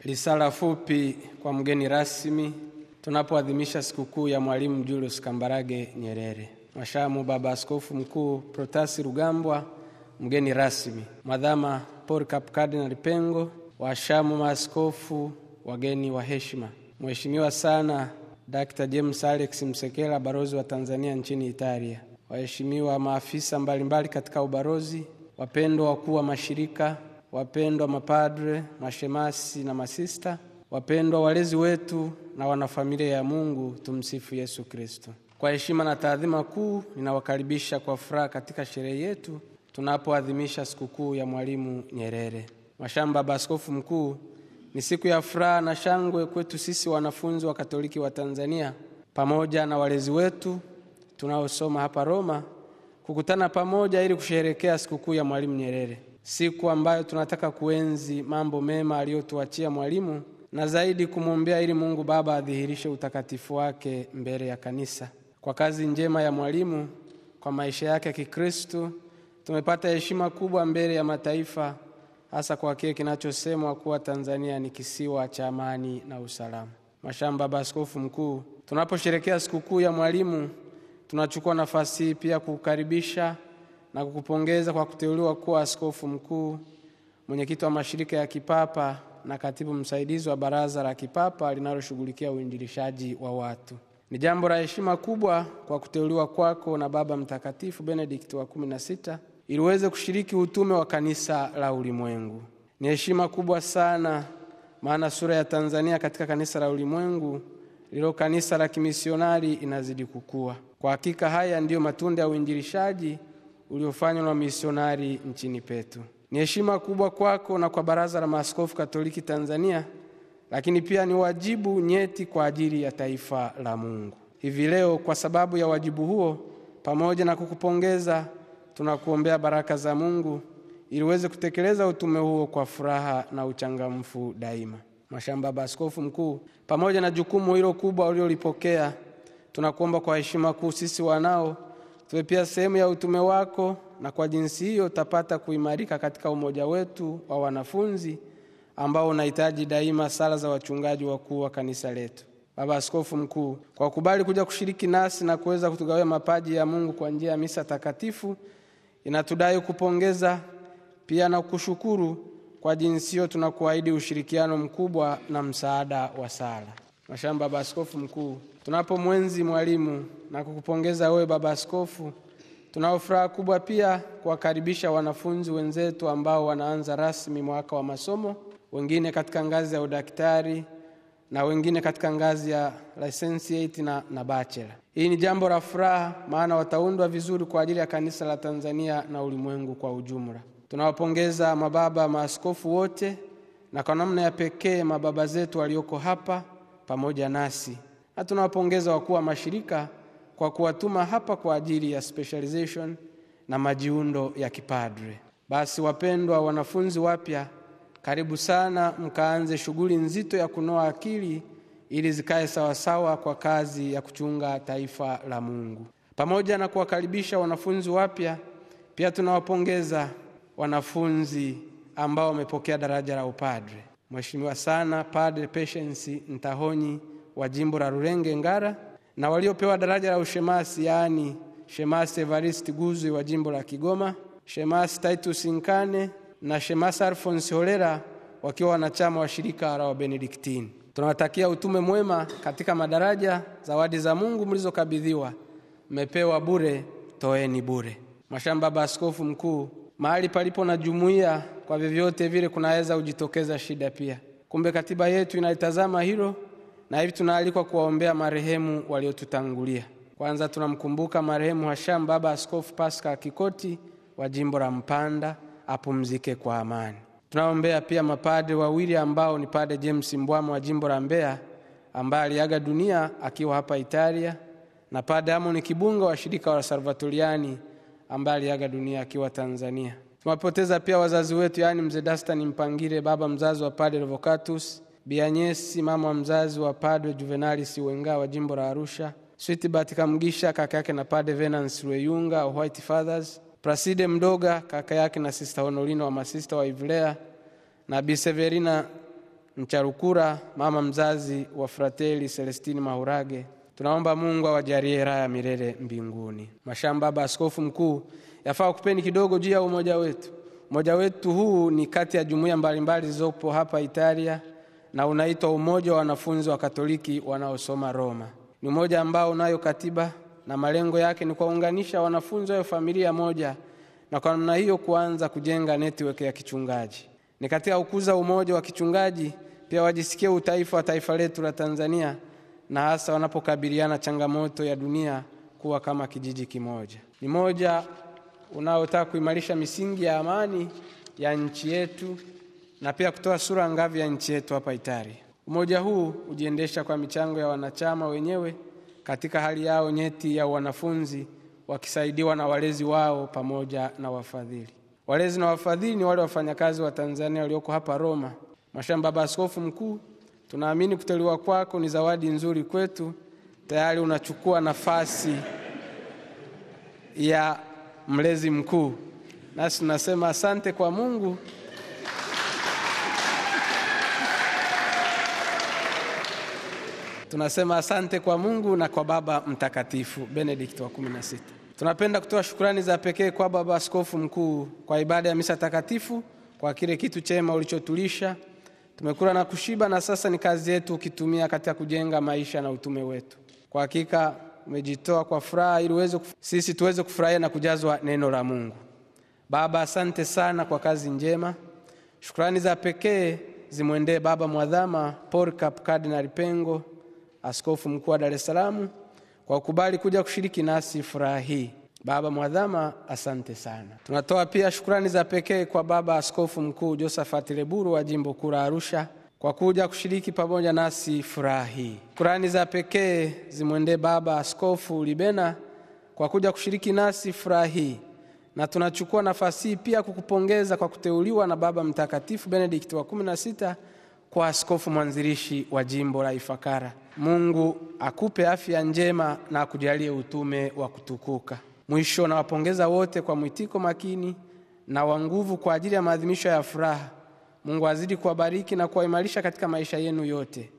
Risala fupi kwa mgeni rasmi tunapoadhimisha sikukuu ya Mwalimu Julius Kambarage Nyerere. Mashamu Baba Askofu Mkuu Protasi Rugambwa, mgeni rasmi. Madhama Polycarp Cardinal Pengo, washamu maaskofu, wageni wa heshima. Mheshimiwa sana Dr. James Alex Msekela, barozi wa Tanzania nchini Italia. Waheshimiwa maafisa mbalimbali katika ubarozi wapendwa wakuu wa mashirika wapendwa mapadre, mashemasi na masista, wapendwa walezi wetu na wanafamilia ya Mungu, tumsifu Yesu Kristo. Kwa heshima na taadhima kuu, ninawakaribisha kwa furaha katika sherehe yetu tunapoadhimisha sikukuu ya Mwalimu Nyerere. Mashamba, Baba Askofu Mkuu, ni siku ya furaha na shangwe kwetu sisi wanafunzi wa Katoliki wa Tanzania pamoja na walezi wetu tunaosoma hapa Roma kukutana pamoja ili kusherehekea sikukuu ya Mwalimu Nyerere siku ambayo tunataka kuenzi mambo mema aliyotuachia mwalimu na zaidi kumwombea ili Mungu Baba adhihirishe utakatifu wake mbele ya kanisa. Kwa kazi njema ya mwalimu, kwa maisha yake ya Kikristo, tumepata heshima kubwa mbele ya mataifa, hasa kwa kile kinachosemwa kuwa Tanzania ni kisiwa cha amani na usalama. Mashamba, Baba Askofu Mkuu, tunaposherekea sikukuu ya mwalimu, tunachukua nafasi hii pia kukaribisha na kukupongeza kwa kuteuliwa kuwa askofu mkuu, mwenyekiti wa mashirika ya kipapa na katibu msaidizi wa baraza la kipapa linaloshughulikia uinjilishaji wa watu. Ni jambo la heshima kubwa kwa kuteuliwa kwako na Baba Mtakatifu Benedikt wa kumi na sita ili uweze kushiriki utume wa kanisa la ulimwengu. Ni heshima kubwa sana, maana sura ya Tanzania katika kanisa la ulimwengu lilo kanisa la kimisionari inazidi kukua. Kwa hakika haya ndiyo matunda ya uinjilishaji uliofanywa na misionari nchini petu. Ni heshima kubwa kwako na kwa Baraza la Maaskofu Katoliki Tanzania, lakini pia ni wajibu nyeti kwa ajili ya taifa la Mungu. Hivi leo, kwa sababu ya wajibu huo, pamoja na kukupongeza, tunakuombea baraka za Mungu ili uweze kutekeleza utume huo kwa furaha na uchangamfu daima. Mashamba, Baba Askofu Mkuu, pamoja na jukumu hilo kubwa uliolipokea tunakuomba kwa heshima kuu sisi wanao tuwe pia sehemu ya utume wako, na kwa jinsi hiyo utapata kuimarika katika umoja wetu wa wanafunzi ambao unahitaji daima sala za wachungaji wakuu wa kanisa letu. Baba Askofu Mkuu, kwa kubali kuja kushiriki nasi na kuweza kutugawia mapaji ya Mungu kwa njia ya misa takatifu, inatudai kupongeza pia na kushukuru kwa jinsi hiyo. Tunakuahidi ushirikiano mkubwa na msaada wa sala. Mashamba, Baba Askofu Mkuu tunapomwenzi mwalimu na kukupongeza wewe Baba Askofu. Tunao furaha kubwa pia kuwakaribisha wanafunzi wenzetu ambao wanaanza rasmi mwaka wa masomo, wengine katika ngazi ya udaktari na wengine katika ngazi ya licentiate na, na bachelor. Hii ni jambo la furaha, maana wataundwa vizuri kwa ajili ya kanisa la Tanzania na ulimwengu kwa ujumla. Tunawapongeza mababa maaskofu wote na kwa namna ya pekee mababa zetu walioko hapa pamoja nasi na tunawapongeza wakuu wa mashirika kwa kuwatuma hapa kwa ajili ya specialization na majiundo ya kipadre. Basi wapendwa wanafunzi wapya, karibu sana mkaanze shughuli nzito ya kunoa akili ili zikae sawasawa kwa kazi ya kuchunga taifa la Mungu. Pamoja na kuwakaribisha wanafunzi wapya, pia tunawapongeza wanafunzi ambao wamepokea daraja la upadre. Mheshimiwa sana Padre Patience Ntahonyi wa jimbo la Rurenge Ngara na waliopewa daraja la ushemasi yaani shemasi Evarist Guzwi wa jimbo la Kigoma, shemasi Titus Nkane na shemasi Alphonse Holera wakiwa wanachama wa shirika la Wabenediktini. Tunawatakia utume mwema katika madaraja. Zawadi za Mungu mlizokabidhiwa mmepewa bure, toeni bure. Mashamba, Baba Askofu Mkuu, mahali palipo na jumuiya, kwa vyovyote vile kunaweza kujitokeza shida pia. Kumbe katiba yetu inalitazama hilo na hivi tunaalikwa kuwaombea marehemu waliotutangulia. Kwanza tunamkumbuka marehemu Hasham Baba Askofu paska Kikoti wa jimbo la Mpanda, apumzike kwa amani. Tunaombea pia mapadre wawili ambao ni Padre James Mbwama wa jimbo la Mbeya ambaye aliaga dunia akiwa hapa Italia na Padre Amon Kibunga wa shirika la Salvatoriani ambaye aliaga dunia akiwa Tanzania. Tumepoteza pia wazazi wetu, yaani mzee Dastani Mpangire, baba mzazi wa Padre Revocatus Bianyesi, mama wa mzazi wa Padre Juvenalis Wenga wa jimbo la Arusha, Switbart Kamgisha, kaka yake na Padre Venance Rweyunga wa White Fathers, Praside Mdoga kaka yake na Sister Honorina wa masista wa Ivlea na Bi Severina Mcharukura mama mzazi wa Frateli Celestini Maurage. Tunaomba Mungu awajalie raha ya milele mbinguni. Mashamba, Baba Askofu Mkuu, yafaa kupeni kidogo juu ya umoja wetu. Umoja wetu huu ni kati ya jumuiya mbalimbali zilizopo hapa Italia na unaitwa Umoja wa Wanafunzi wa Katoliki Wanaosoma Roma. Ni umoja ambao unayo katiba na malengo yake ni kuwaunganisha wanafunzi wa familia moja na kwa namna hiyo kuanza kujenga network ya kichungaji. Ni katika kukuza umoja wa kichungaji pia wajisikie utaifa wa taifa letu la Tanzania na hasa wanapokabiliana changamoto ya dunia kuwa kama kijiji kimoja. Ni moja unaotaka kuimarisha misingi ya amani ya nchi yetu na pia kutoa sura ngavi ya nchi yetu hapa Itari. Umoja huu hujiendesha kwa michango ya wanachama wenyewe katika hali yao nyeti ya wanafunzi, wakisaidiwa na walezi wao pamoja na wafadhili. Walezi na wafadhili ni wale wafanyakazi wa Tanzania walioko hapa Roma. Mashamba, Baba Askofu Mkuu, tunaamini kuteliwa kwako ni zawadi nzuri kwetu. Tayari unachukua nafasi ya mlezi mkuu, nasi tunasema asante kwa Mungu tunasema asante kwa Mungu na kwa Baba Mtakatifu Benedikt wa 16. Tunapenda kutoa shukrani za pekee kwa Baba Askofu Mkuu kwa ibada ya misa takatifu, kwa kile kitu chema ulichotulisha. Tumekula na kushiba, na sasa ni kazi yetu ukitumia katika kujenga maisha na utume wetu. Kwa hakika umejitoa kwa furaha ili uweze sisi tuweze kufurahia na kujazwa neno la Mungu. Baba, asante sana kwa kazi njema. Shukrani za pekee zimwendee Baba Mwadhama Polycarp Kardinali Pengo askofu mkuu wa Dar es Salaam kwa kukubali kuja kushiriki nasi furaha hii. Baba mwadhama, asante sana. Tunatoa pia shukrani za pekee kwa Baba Askofu Mkuu josafati Leburu wa Jimbo Kuu la Arusha kwa kuja kushiriki pamoja nasi furaha hii. Shukrani za pekee zimwendee Baba Askofu Libena kwa kuja kushiriki nasi furaha hii, na tunachukua nafasi hii pia kukupongeza kwa kuteuliwa na Baba Mtakatifu Benedikti wa kumi na sita kwa askofu mwanzilishi wa jimbo la Ifakara. Mungu akupe afya njema na akujalie utume wa kutukuka. Mwisho, nawapongeza wote kwa mwitiko makini na wa nguvu kwa ajili ya maadhimisho ya furaha. Mungu azidi kuwabariki na kuwaimarisha katika maisha yenu yote.